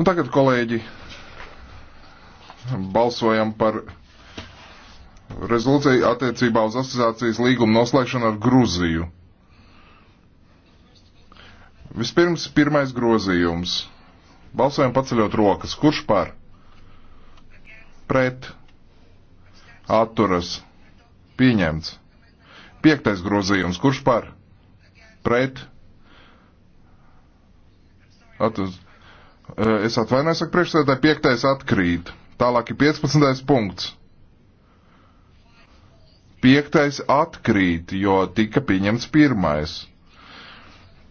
Un tagad, kolēģi, balsojam par rezolūciju attiecībā uz asociācijas līgumu noslēgšanu ar Gruziju. Vispirms pirmais grozījums. Balsojam paceļot rokas. Kurš par? Pret. Atturas. Pieņemts. Piektais grozījums. Kurš par? Pret. Atturas. Eh, es atvainojos, saka priekšsēdētāji, piektais atkrīt. Tālāk ir 15. punkts. Piektais atkrīt, jo tika pieņemts pirmais.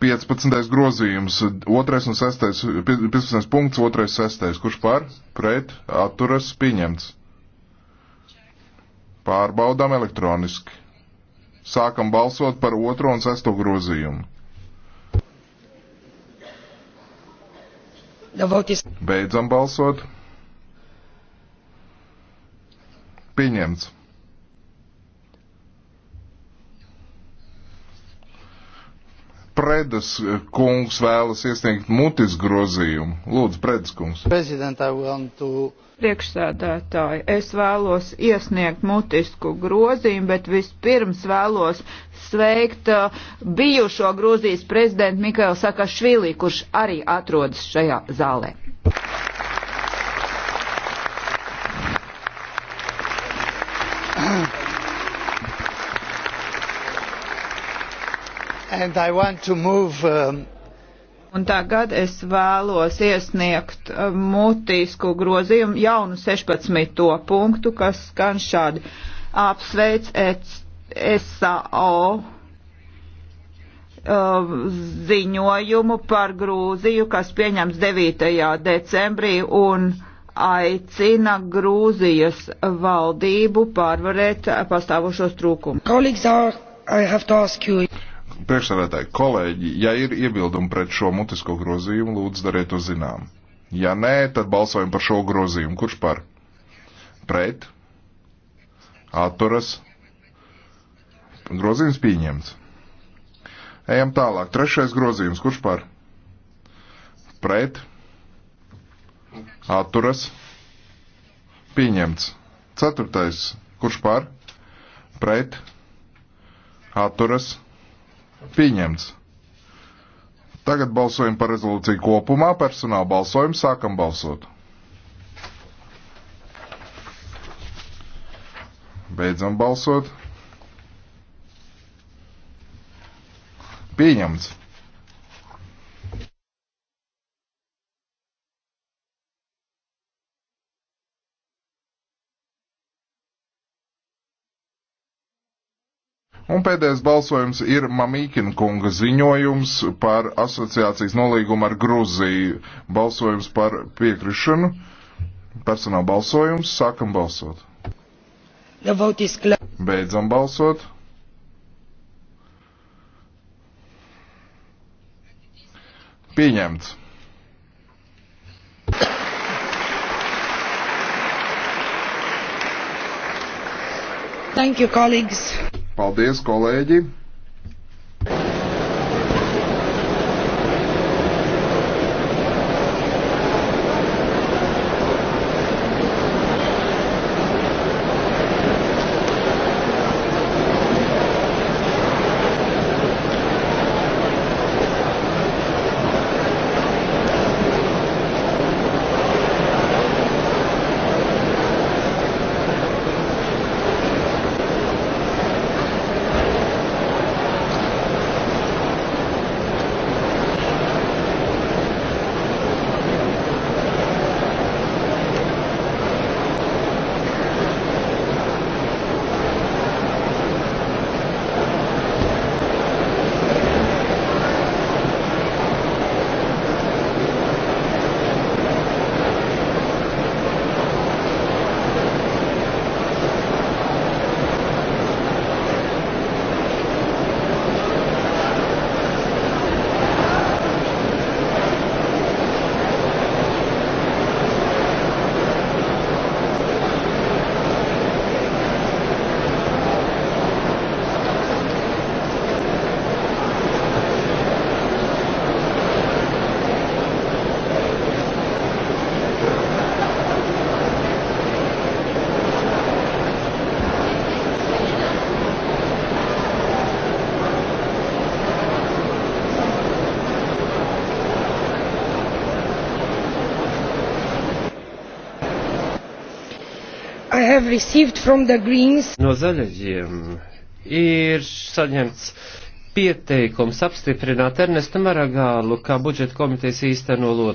15. grozījums, 2. un 6. 15. punkts, 2. 6. Kurš par? Pret, atturas, pieņemts. Pārbaudām elektroniski. Sākam balsot par 2. un 6. grozījumu. Is... Beidzam balsot. Pieņemts. Predes kungs vēlas iesniegt mutis grozījumu. Lūdzu, Predes kungs. To... Priekšsēdētāji, es vēlos iesniegt mutisku grozījumu, bet vispirms vēlos sveikt uh, bijušo Grūzijas prezidentu Mikailu Sakašvili, kurš arī atrodas šajā zālē. Um, un tagad es vēlos iesniegt um, mutisku grozījumu jaunu 16. punktu, kas skan šādi. Apsveic SAO um, ziņojumu par Grūziju, kas pieņems 9. decembrī un aicina Grūzijas valdību pārvarēt uh, pastāvošos trūkumus. Priekšsēdētāji, kolēģi, ja ir iebildumi pret šo mutisko grozījumu, lūdzu dariet to zinām. Ja nē, tad balsojam par šo grozījumu. Kurš par? Pret? Atturas? Grozījums pieņemts. Ejam tālāk. Trešais grozījums. Kurš par? Pret? Atturas? Pieņemts. Ceturtais. Kurš par? Pret? Atturas? Pieņemts. Tagad balsojam par rezolūciju kopumā. Personāla balsojumu sākam balsot. Beidzam balsot. Pieņemts. Un pēdējais balsojums ir Mamīkina kunga ziņojums par asociācijas nolīgumu ar Gruziju. Balsojums par piekrišanu. Personāla balsojums. Sākam balsot. Beidzam balsot. Pieņemts. Thank you, colleagues. Paldies, kolēģi! No zaļajiem ir saņemts pieteikums apstiprināt Ernestu Maragālu kā budžeta komitejas īsteno lotu.